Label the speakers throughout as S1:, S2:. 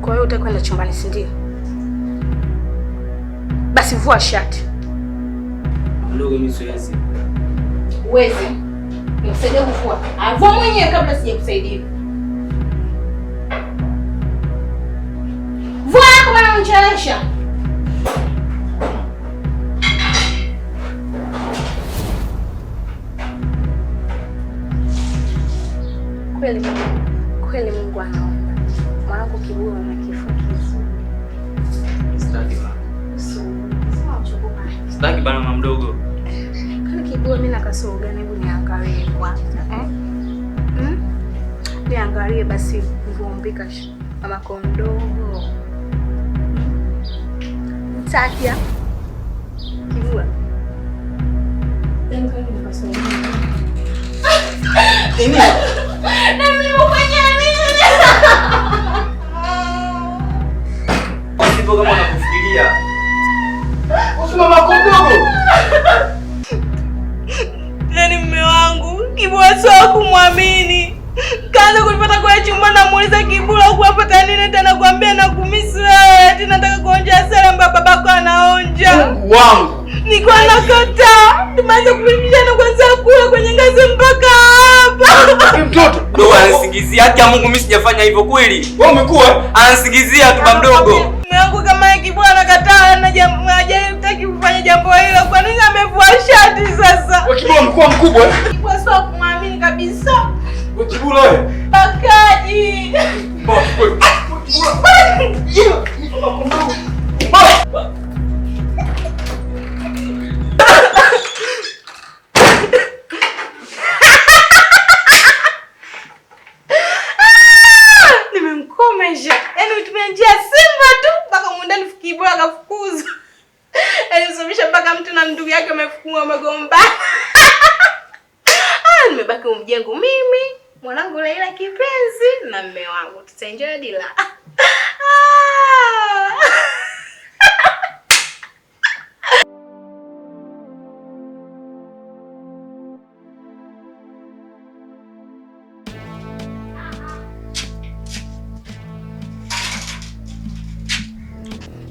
S1: Kwa hiyo utakwenda chumbani, si ndio? Basi vua shati. Mdogo Uwezi. Nikusaidie kuvua. Avua mwenyewe kabla sijakusaidia. Vua yako maana unichelewesha. Kweli kweli, Mungu anaona. Mwanangu kiburi
S2: gani bana mama mdogo?
S1: Kibua mimi na kasoro gani? Hebu niangalie kwanza. Eh? Mm? Niangalie basi mvumbika ama kondomo. Hmm? Mtakia. Ah? Kibua. Yangu ni kasoro. Nini? Na mimi mfanya nini? Kama uwezo wa kumwamini kaanza kunipata kwa chumba, namuuliza Kibula, ukuwapata nini tena? Kuambia kumisi wewe, ati nataka kuonja asara mba babako anaonja wangu, nikuwa nakata. Tumeanza kupishana kwanza kula kwenye ngazi mpaka hapa.
S2: Mtoto ndo anasingizia haki ya Mungu, mimi sijafanya hivyo kweli. Wewe umekuwa anasingizia tu mdogo
S1: mume wangu kama yakibwana kataa hajataki kufanya jambo hilo, kwa nini amevua shati sasa?
S2: Wakibula mkubwa mkubwa
S1: eh, sio kumwamini kabisa.
S2: Wakibula wewe eh?
S1: pakaji mjengo, mimi mwanangu Laila kipenzi na mume wangu tutaenjoy dila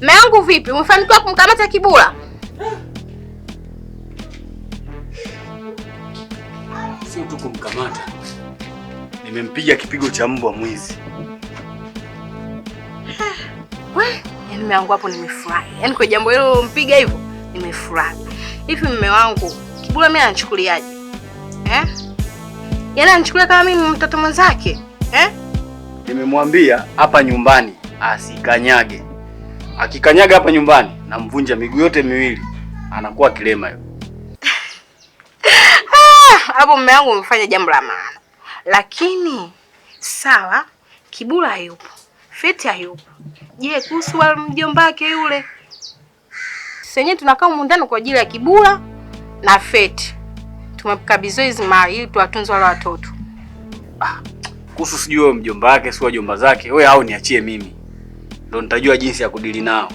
S1: Mme wangu vipi, umefanikiwa kumkamata Kibula?
S2: kumkamata, nimempiga kipigo cha mbwa mwizi.
S1: Ah, yaani mume wangu hapo nimefurahi, yaani kwa jambo hilo mpiga hivyo nimefurahi. Hivi mume wangu Kibula mimi anachukuliaje eh? Yaani anachukulia kama mimi mtoto mwenzake eh?
S2: Nimemwambia hapa nyumbani asikanyage, akikanyaga hapa nyumbani namvunja miguu yote miwili, anakuwa kilema yule
S1: sababu mume wangu umefanya jambo la maana, lakini sawa, Kibula hayupo, Feti hayupo. Je, kuhusu wake yule? Senyewe tunakaa humu kwa ajili ya Kibula na Feti, tumekabidhiwa hizi mali ili tuwatunze wale watoto.
S2: Ah, kuhusu sijui wewe mjomba wake si wajomba zake wewe, au niachie mimi, ndo nitajua jinsi ya kudili nao.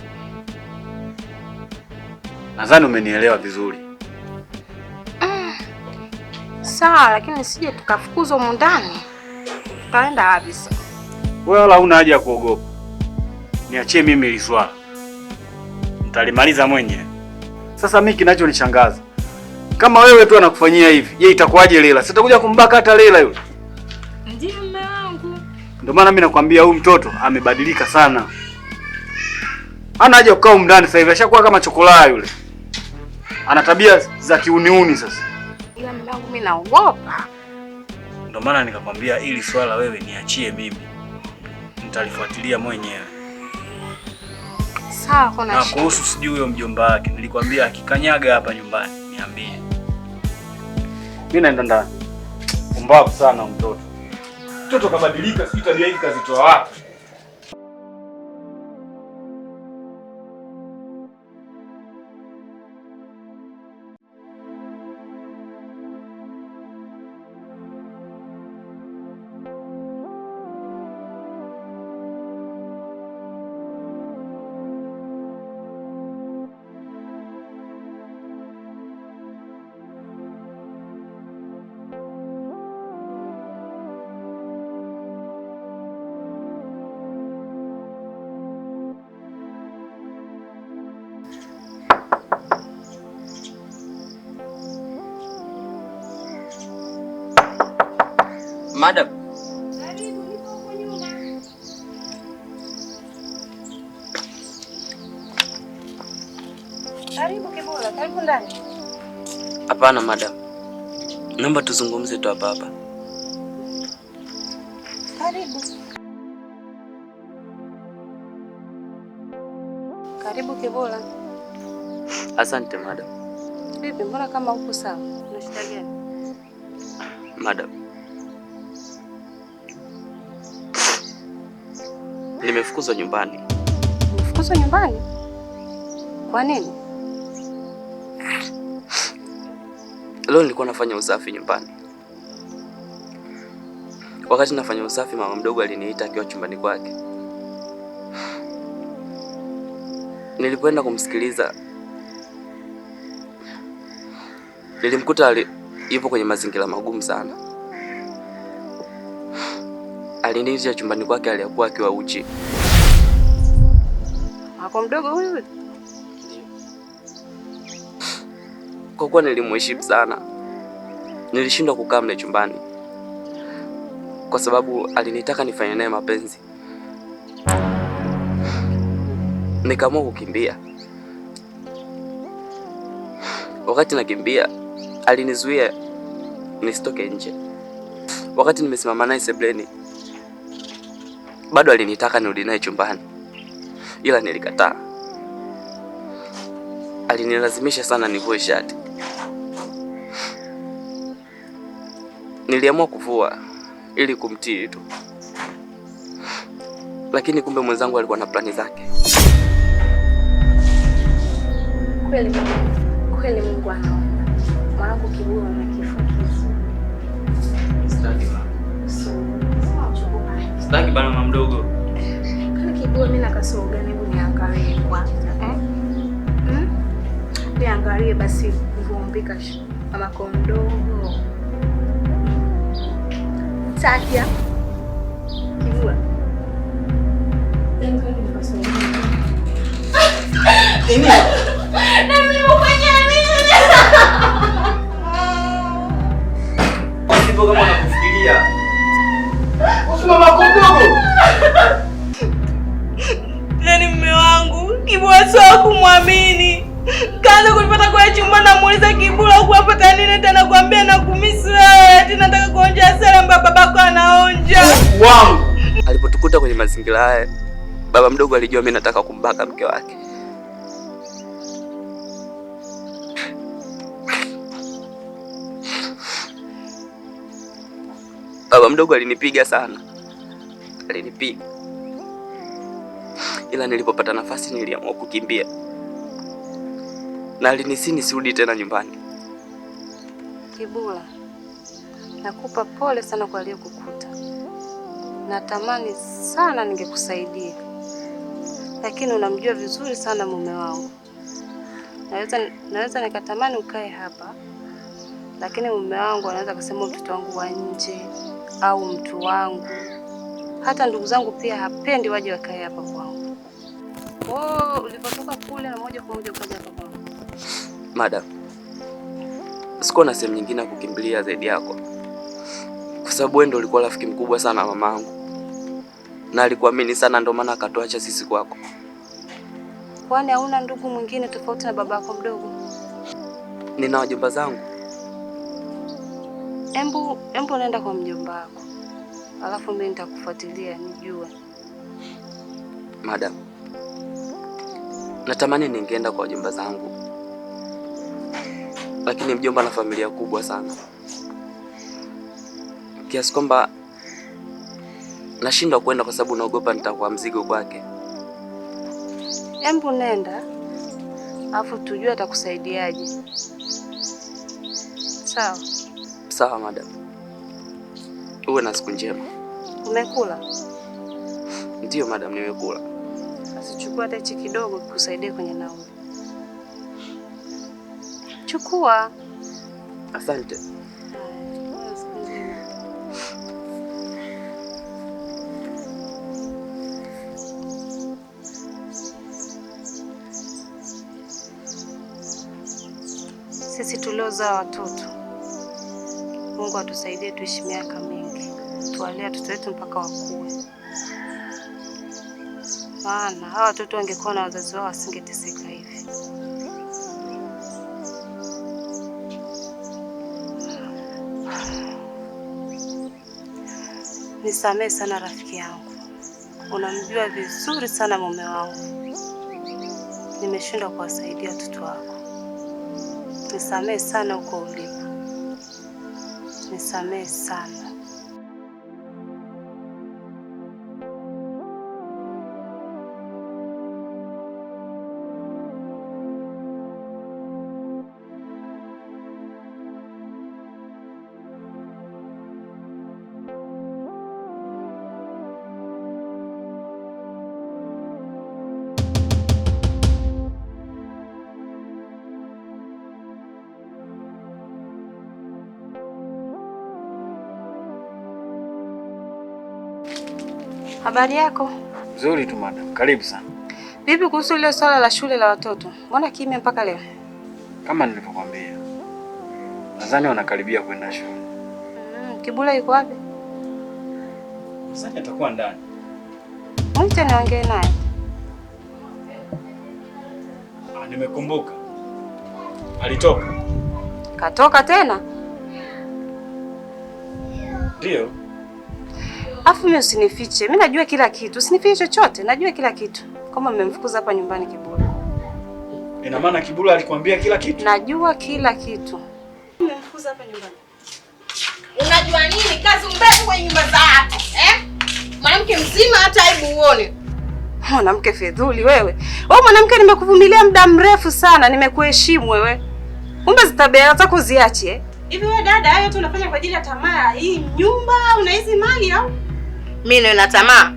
S2: Nadhani umenielewa vizuri
S1: sawa, lakini sije tukafukuzwa humu ndani. Tutaenda wapi sasa?
S2: Wewe wala huna haja ya kuogopa, niachie mimi hili swala, nitalimaliza mwenyewe. Sasa mimi kinachonishangaza kama wewe tu anakufanyia hivi, je, itakuwaje Leila? Sitakuja kumbaka hata Leila yule.
S1: Ndiyo mume wangu.
S2: Ndio maana mimi nakwambia huyu mtoto amebadilika sana, ana haja kukaa humu ndani sasa hivi, ashakuwa kama chokolaa yule, ana tabia za kiuniuni sasa
S1: ila mume wangu mimi naogopa.
S2: Ndio maana nikakwambia ili swala wewe niachie mimi, nitalifuatilia mwenyewe. Sawa. Na kuhusu sijui huyo mjomba wake nilikwambia, akikanyaga hapa nyumbani niambie. Mimi naenda ndani. Umbavu sana mtoto, mtoto kabadilika, sijui tabia hizi kazitoa wapi? Madam,
S1: karibu Kibola, karibu ndani.
S2: Hapana madam, naomba tuzungumze tu hapa hapa.
S1: Karibu karibu Kibola.
S2: Asante madam.
S1: Vipi, mbona kama uko sawa? Unashida gani
S2: madam? Nimefukuzwa nyumbani.
S1: Nimefukuzwa nyumbani? Kwa nini?
S2: Leo nilikuwa nafanya usafi nyumbani. Wakati nafanya usafi, mama mdogo aliniita akiwa chumbani kwake. Nilipoenda kumsikiliza, nilimkuta yupo kwenye mazingira magumu sana aliniiza chumbani kwake aliyokuwa akiwa uchi.
S1: Ako mdogo huyu?
S2: Kwa kuwa nilimheshimu sana, nilishindwa kukaa mle chumbani kwa sababu alinitaka nifanye naye mapenzi. Nikaamua kukimbia. Wakati nakimbia, alinizuia nisitoke nje. Wakati nimesimama naye sebleni bado alinitaka nirudi naye chumbani, ila nilikataa. Alinilazimisha sana nivue shati. Niliamua kuvua ili kumtii tu, lakini kumbe mwenzangu alikuwa na plani zake.
S1: Kweli kweli, Mungu anaona mwanangu kiburi
S2: Sitaki bana mama mdogo.
S1: Kwa kibua mimi na kasoro gani? Hebu niangalie kwanza. Eh? Hmm? Niangalie basi kuvumbika ama kondomo. Takia. Ah? Kibua. Niangalie yaani kasoro. Nini? Na mimi mfanya Kama Yesu kumwamini. Kaanza kunipata kwa chumba na muuliza Kibula huko hapa nini tena kuambia na kumisi wewe. Ati nataka kuonja sala mbaba babako anaonja.
S2: Wow. Alipotukuta kwenye mazingira haya, baba mdogo alijua mimi nataka kumbaka mke wake. Baba mdogo alinipiga sana, alinipiga ila nilipopata nafasi niliamua kukimbia na alinisi nisirudi tena nyumbani.
S1: Kibula, nakupa pole sana kwa aliyokukuta. Natamani sana ningekusaidia, lakini unamjua vizuri sana mume wangu. Naweza, naweza nikatamani ukae hapa, lakini mume wangu anaweza kusema mtoto wangu wa nje au mtu wangu, hata ndugu zangu pia hapendi waje wakae hapa kwangu wewe oh, ulipotoka kule na moja kwa moja ukaja hapa kwangu.
S2: Madam, na sehemu nyingine ya kukimbilia zaidi yako, kwa sababu wewe ndio ulikuwa rafiki mkubwa sana wa mamangu na alikuamini sana, ndio maana akatuacha sisi kwako.
S1: Kwani hauna ndugu mwingine tofauti na baba yako mdogo?
S2: Nina wajomba zangu.
S1: Embu embu naenda kwa mjomba wako, alafu mimi nitakufuatilia nijue.
S2: Madam, Natamani ningeenda kwa wajomba zangu, lakini mjomba na familia kubwa sana kiasi kwamba nashindwa kwenda kwa sababu naogopa nitakuwa mzigo kwake.
S1: embu nenda, alafu tujue atakusaidiaje. Sawa
S2: sawa, madam. Uwe na siku njema. Umekula? Ndiyo madam, nimekula
S1: kazi, chukua hata hichi kidogo kusaidia kwenye nauli. Chukua. Asante. Sisi tuliozaa watoto, Mungu atusaidie tuishi miaka mingi, tuwalee watoto wetu mpaka wakue. Hapana, hawa watoto wangekuwa na wazazi wao wasingeteseka hivi. Nisamehe sana rafiki yangu, unamjua vizuri sana mume wangu, nimeshindwa kuwasaidia watoto wako. Nisamehe sana uko ulipo, nisamehe sana. Habari yako?
S2: Nzuri tu madam. Karibu sana.
S1: Vipi kuhusu ile swala la shule la watoto? Mbona kimya mpaka leo?
S2: Kama nilivyokuambia, nadhani wanakaribia kwenda shule. Mm,
S1: Kibula yuko wapi?
S2: Sasa atakuwa ndani.
S1: Mwite niongee naye.
S2: Ah, nimekumbuka. Alitoka.
S1: Katoka tena? Ndio. Afu mimi usinifiche. Mimi najua kila kitu. Usinifiche chochote. Najua kila kitu. Kama mmemfukuza hapa nyumbani Kibula.
S2: Ina maana Kibula alikwambia kila kitu?
S1: Najua kila kitu. Mmemfukuza hapa nyumbani. Unajua nini kazi mbevu kwenye nyumba za watu, eh? Mwanamke mzima hata aibu uone. Mwanamke fedhuli wewe. Wewe mwanamke nimekuvumilia muda mrefu sana, nimekuheshimu wewe. Kumbe zitabea hata kuziache. Eh?
S3: Hivi wewe dada, hayo tu unafanya kwa ajili ya tamaa hii nyumba au hizi mali au?
S1: Mimi nina na tamaa.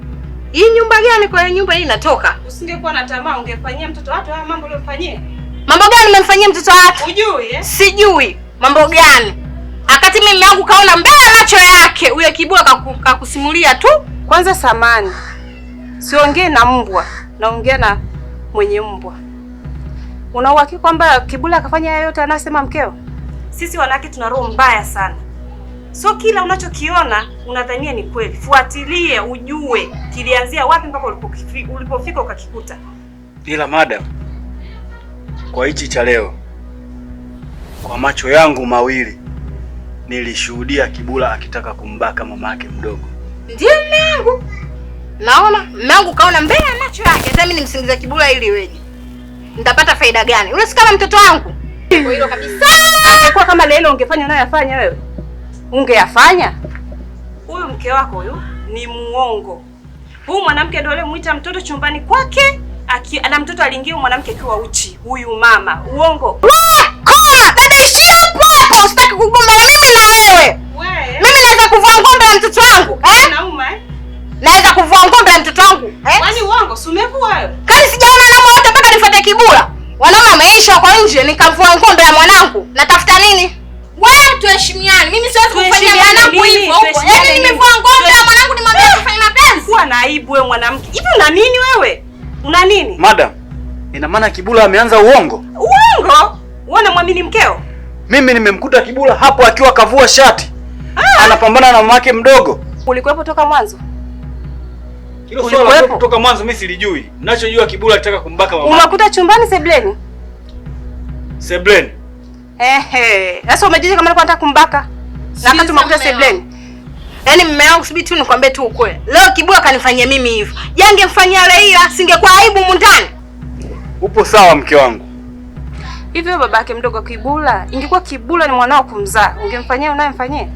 S1: Hii nyumba gani kwa nyumba hii inatoka
S3: Usingekuwa na tamaa ungefanyia mtoto wako haya mambo uliyomfanyia.
S1: Mambo gani umemfanyia mtoto wako? Hujui eh? Sijui. Mambo gani? Akati mimi yangu kaona mbele macho yake huyo kibua kakusimulia tu. Kwanza samani. Siongee na mbwa, naongea na mwenye mbwa. Una uhakika kwamba Kibula akafanya yote anasema mkeo?
S3: Sisi wanawake tuna roho mbaya sana. Sio kila unachokiona unadhania ni kweli. Fuatilie ujue kilianzia wapi mpaka ulipofika ukakikuta.
S2: Ila madam, kwa hichi cha leo, kwa macho yangu mawili nilishuhudia Kibula akitaka kumbaka mama yake mdogo.
S1: Ndiyo mmeangu, naona mmeangu kaona mbele ya macho yake. Hata mimi nimsingiza Kibula ili weje, nitapata faida gani? Ule mtoto wangu.
S3: Kwa hilo kabisa,
S1: angekuwa kama leo ungefanya naye afanye wewe ungeyafanya?
S3: Huyu mke wako huyu ni muongo. Huyu mwanamke ndio aliyemuita mtoto chumbani kwake na mtoto aliingia mwanamke akiwa uchi. Huyu mama uongo
S1: Usitaki kugomba mimi na wewe. Mimi naweza kuvua ngombe ya mtoto wangu eh? Nauma eh? Naweza kuvua ngombe ya mtoto wangu eh?
S3: Kwani uongo si umevua
S1: Kani sijaona na hata mpaka nifuate kibula. Wanaume wameisha kwa nje nikavua ngombe ya mwanangu. Natafuta nini?
S3: Wewe tuheshimiane. Mimi siwezi kufanyia mwanangu hivyo. Yaani nimevua ngombe ya mwanangu nimwambie ah! kufanya mapenzi.
S1: Kuwa na aibu wewe mwanamke. Hivi una nini wewe? Una nini?
S2: Madam, ina maana Kibula ameanza uongo?
S1: Uongo? Wewe unamwamini mkeo?
S2: Mimi nimemkuta Kibula hapo akiwa kavua shati. Ah. Anapambana na mamake mdogo.
S1: Ulikuwepo toka mwanzo?
S2: Hilo swala kutoka mwanzo mimi silijui. Ninachojua Kibula alitaka kumbaka mama.
S1: Unakuta chumbani sebleni? Sebleni. Ehe. Sasa umejuta kama alikuwa kumbaka. Na kama tumekuta sebleni. Yaani mume wangu subiri tu nikwambie tu ukweli. Leo Kibua kanifanyia mimi hivyo. Yangemfanyia Leila singekuwa aibu mundani.
S2: Upo sawa mke wangu.
S1: Hivyo babake mdogo Kibula, ingekuwa Kibula ni mwanao kumzaa, ungemfanyia unayemfanyia?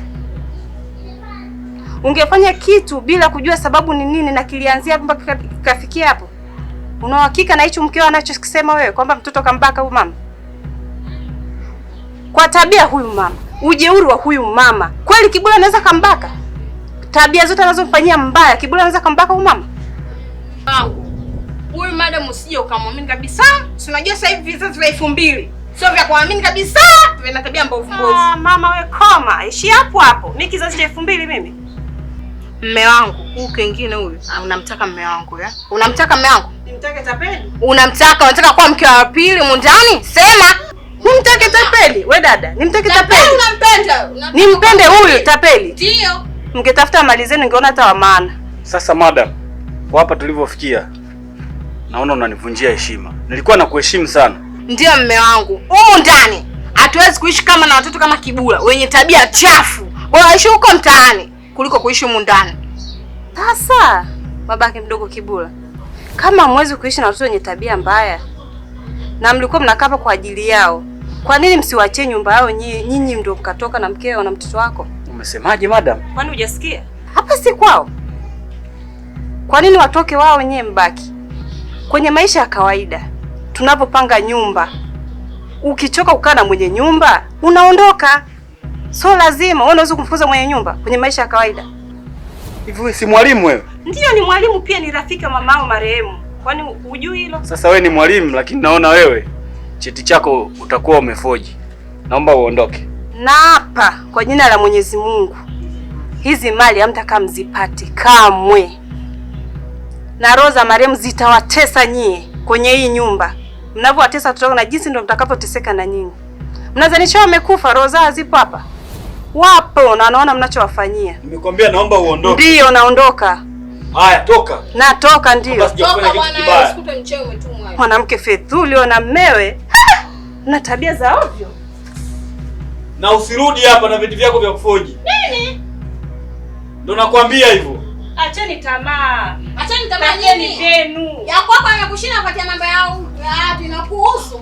S1: Ungefanya kitu bila kujua sababu ni nini na kilianzia mpaka kafikia hapo. Una uhakika na hicho mkeo anachokisema wewe kwamba mtoto kambaka huyu mama? kwa tabia huyu mama, ujeuri wa huyu mama. Kweli Kibula anaweza kambaka? Tabia zote anazomfanyia mbaya Kibula anaweza kambaka huyu mama?
S3: Wangu. Huyu madam usije ukamwamini kabisa. Si unajua sasa hivi visa vya 2000. Sio vya kuamini kabisa. Vina tabia mbovu mbovu.
S1: Ah, mama we koma. Ishi hapo hapo. Mimi kizazi cha 2000 mimi. Mme wangu huyu kingine huyu. Ah, unamtaka mme wangu ya? Unamtaka mme wangu?
S3: Nimtake tapeli.
S1: Unamtaka, unataka kuwa mke wa pili mundani? Sema. Nimtake tapeli? We dada, nimtake tapeli?
S3: Unampenda?
S1: Nimpende huyu tapeli? Ndio. Mngetafuta mali zenu ngeona hata wa maana.
S2: Sasa madam, kwa hapa tulivyofikia naona unanivunjia heshima. Nilikuwa nakuheshimu sana.
S1: Ndio mme wangu, humu ndani hatuwezi kuishi kama na watoto kama kibula wenye tabia chafu. Bora aishi huko mtaani kuliko kuishi humu ndani. Sasa babake mdogo Kibula, kama hamwezi kuishi na watoto wenye tabia mbaya na mlikuwa mnakaa kwa ajili yao kwa nini msiwaachie nyumba yao nyinyi ndio mkatoka na mkeo na mtoto wako?
S2: Umesemaje madam?
S3: Kwani hujasikia?
S1: Hapa si kwao. Kwa nini watoke wao wenyewe mbaki? Kwenye maisha ya kawaida tunapopanga nyumba, ukichoka kukaa na mwenye nyumba unaondoka, so lazima wewe unaweza kumfukuza mwenye nyumba kwenye maisha ya kawaida.
S3: Hivi si mwalimu wewe?
S1: Ndio ni mwalimu pia ni rafiki wa mamao marehemu. Kwani hujui hilo?
S2: Sasa wewe ni mwalimu, lakini naona wewe cheti chako utakuwa umefoji. Naomba uondoke.
S1: Naapa kwa jina la Mwenyezi Mungu, hizi mali hamtaka mzipate kamwe, na roho za marehemu zitawatesa nyie kwenye hii nyumba. Mnavyowatesa watoto na jinsi ndio mtakavyoteseka na nyinyi. Mnazanisha wamekufa, roho zao zipo hapa, wapo na wanaona mnachowafanyia.
S2: Nimekwambia naomba uondoke.
S1: Ndio naondoka.
S2: Haya, toka.
S1: Natoka, ndio mwanamke fedhuli na mmewe na tabia za ovyo.
S2: Na usirudi hapa na vitu vyako vya kufoji. Nini? Ndio nakwambia hivyo.
S1: Acheni tamaa. Acheni tamaa nyinyi.
S3: Ya kwako yamekushinda kwa mambo yao. Wapi na kuhusu?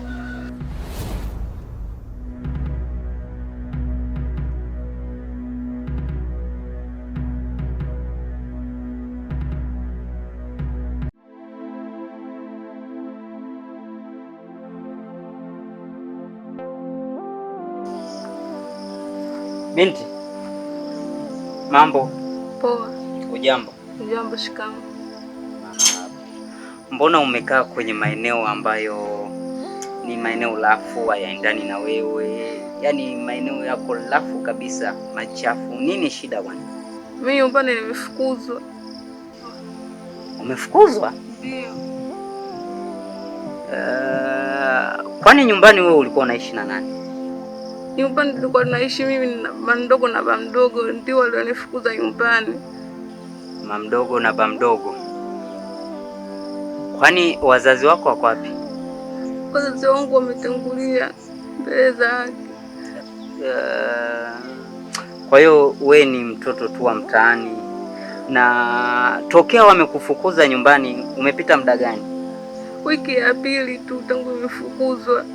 S4: Binti, mambo? Poa. Ujambo?
S5: Ujambo, shikamoo. Ah,
S4: mbona umekaa kwenye maeneo ambayo ni maeneo lafu, hayaendani na wewe, yaani maeneo yako lafu kabisa, machafu. Nini shida bwana?
S5: Mimi nyumbani nimefukuzwa.
S4: Umefukuzwa? Ndio. Uh, kwani nyumbani wewe ulikuwa unaishi na nani?
S5: nyumbani tulikuwa tunaishi mimi na mama mdogo na ba mdogo, ndio walionifukuza nyumbani.
S4: mamdogo mdogo na ba mdogo? Kwani wazazi wako wako wapi?
S5: Wazazi wangu wametangulia mbele za haki.
S4: Kwa hiyo we ni mtoto tu wa mtaani, na tokea wamekufukuza nyumbani umepita muda gani?
S5: Wiki ya pili tu tangu imefukuzwa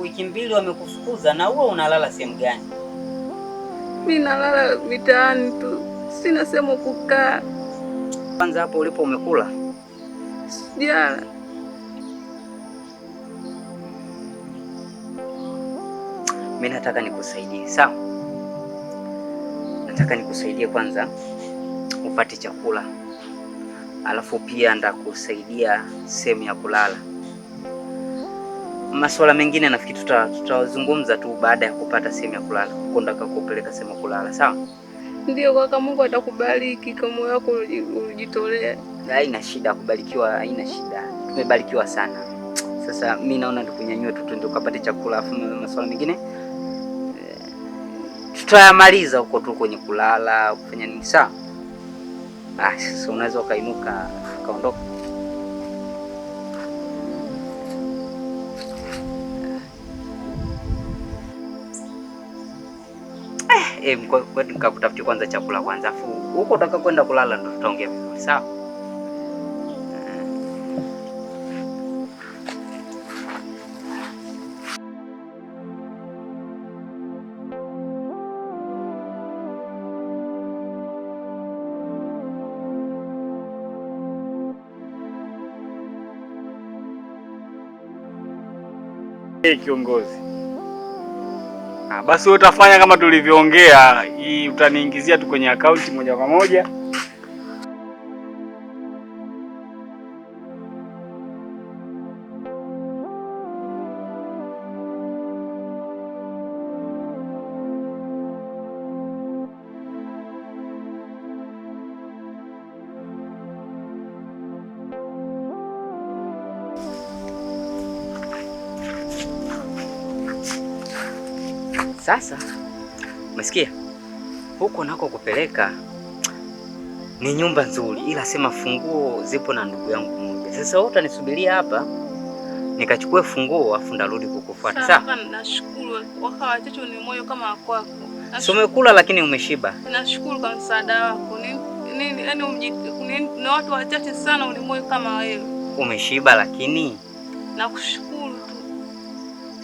S4: wiki mbili wamekufukuza, na wewe unalala sehemu gani?
S5: Mimi nalala mitaani tu, sina sehemu kukaa.
S4: Kwanza hapo ulipo umekula?
S5: Sijala.
S4: Mimi nataka nikusaidie, sawa? Nataka nikusaidie kwanza upate chakula, alafu pia ndakusaidia sehemu ya kulala masuala mengine nafikiri tutazungumza tuta tu baada ya kupata sehemu ya kulala, kwenda kakupeleka sehemu ya kulala sawa?
S5: Ndio kaka, Mungu atakubariki kama moyo wako ulijitolea.
S4: Haina shida, kubarikiwa haina shida, tumebarikiwa sana. Sasa mi naona tukunyanyue tu tuende ukapate chakula, afu masuala mengine eh, tutayamaliza huko tu kwenye kulala, kufanya nini, sawa? Ah, sasa unaweza ukainuka ukaondoka. eh, kwanza chakula kwanza, afu huko utaka kwenda kulala ndo tutaongea vizuri, sawa? kiongozi Ah, basi utafanya kama tulivyoongea, hii utaniingizia tu kwenye akaunti moja kwa moja Sasa umesikia, huko nako kupeleka ni nyumba nzuri, ila sema funguo zipo na ndugu yangu mmoja. Sasa wewe utanisubiria hapa nikachukue funguo afu ndarudi kukufuata. Sawa,
S5: nashukuru. waka chacho ni moyo kama wako.
S4: Umekula lakini umeshiba.
S5: Nashukuru kwa msaada wako. Ni yani yaani na watu wachache sana ni moyo kama wewe.
S4: Umeshiba lakini
S5: nakushukuru tu.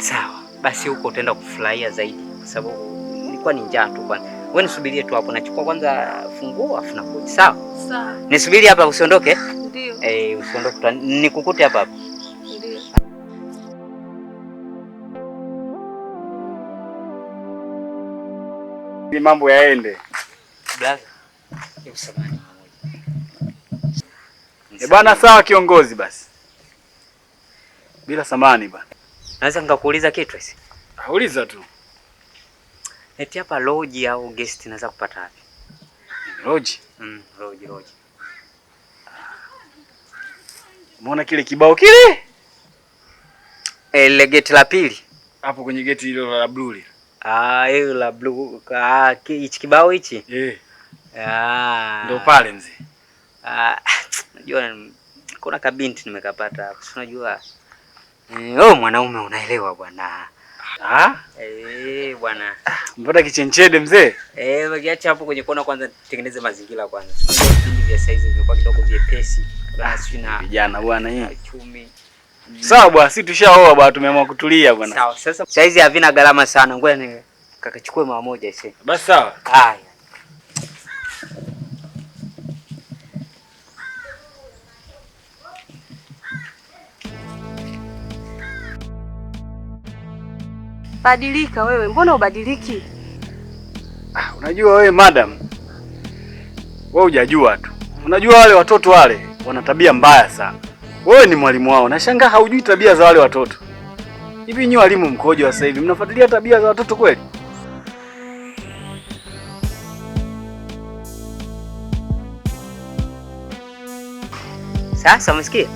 S4: Sawa, basi huko utaenda kufurahia zaidi kwa sababu ilikuwa ni njaa tu bwana. Wewe nisubirie tu hapo, nachukua kwanza funguo afu nakuja. Sawa sawa, nisubiri hapa, usiondoke. Ndio eh, usiondoke, nikukute hapa hapa. Ndio. Ni mambo yaende Brother. hebu eh, samani E bwana, sawa kiongozi, basi bila samani bwana. Naweza nikakuuliza kitu? hisi? Auliza tu. Eti hapa lodge au guest naweza kupata wapi? Loji? Mm, loji loji. Ah. Umeona kile kibao kile? Eh, ile geti la pili. Hapo kwenye geti hilo la blue lile. Ah, hiyo la blue. Ah, hichi kibao hichi? Eh. Ah. Ndio pale nzi. Ah, unajua kuna kabinti nimekapata hapo. Unajua. Eh, oh, mwanaume unaelewa bwana. Ah? Eh, bwana. Mpata kichenchede mzee? Eh, wakiacha hapo kwenye kona kwanza tengeneze mazingira kwanza. Hivi vya size vimekuwa kidogo vyepesi. Rasmi ah, na vijana bwana hiyo. Eh. Chumi. Mm. Sawa bwana, si tushaoa bwana, tumeamua kutulia bwana. Sawa, sasa size havina gharama sana. Ngoja ni kakachukue mara moja ise. Basi sawa. Haya.
S1: Badilika wewe, mbona ubadiliki?
S4: Ah, unajua wewe madam, wewe hujajua tu. Unajua wale watoto wale wana tabia mbaya sana. Wewe ni mwalimu wao, nashangaa haujui tabia za wale watoto. Hivi nyinyi walimu mkoje wa sasa hivi, mnafuatilia tabia za watoto kweli? Sasa umesikia?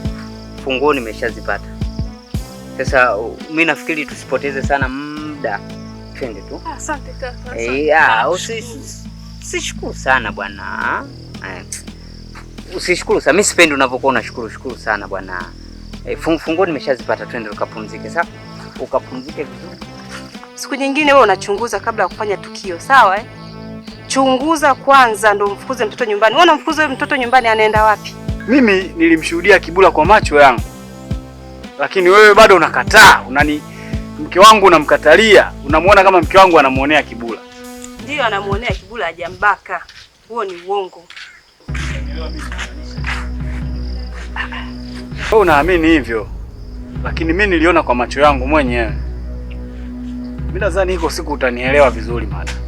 S4: Funguo nimeshazipata. Sasa mimi nafikiri tusipoteze sana labda twende tu. Ah,
S5: asante kaka.
S4: Eh, ah, ah, eh, usishukuru sana bwana, usishukuru sana. Mimi sipendi unavyokuwa unashukuru shukuru sana bwana. Eh, fungu nimeshazipata, twende ukapumzike. Sawa, ukapumzike vizuri.
S1: Siku nyingine wewe unachunguza kabla ya kufanya tukio, sawa eh? Chunguza kwanza ndo mfukuze mtoto nyumbani. Wewe unamfukuza mtoto nyumbani, anaenda wapi?
S4: Mimi nilimshuhudia Kibula kwa macho yangu, lakini wewe bado unakataa, unani mke wangu unamkatalia, unamwona kama mke wangu anamuonea kibula.
S1: Ndiyo, anamuonea kibula, hajambaka. Huo ni uongo.
S4: Wewe unaamini hivyo, lakini mi niliona kwa macho yangu mwenyewe. Mi nadhani iko siku utanielewa vizuri mada.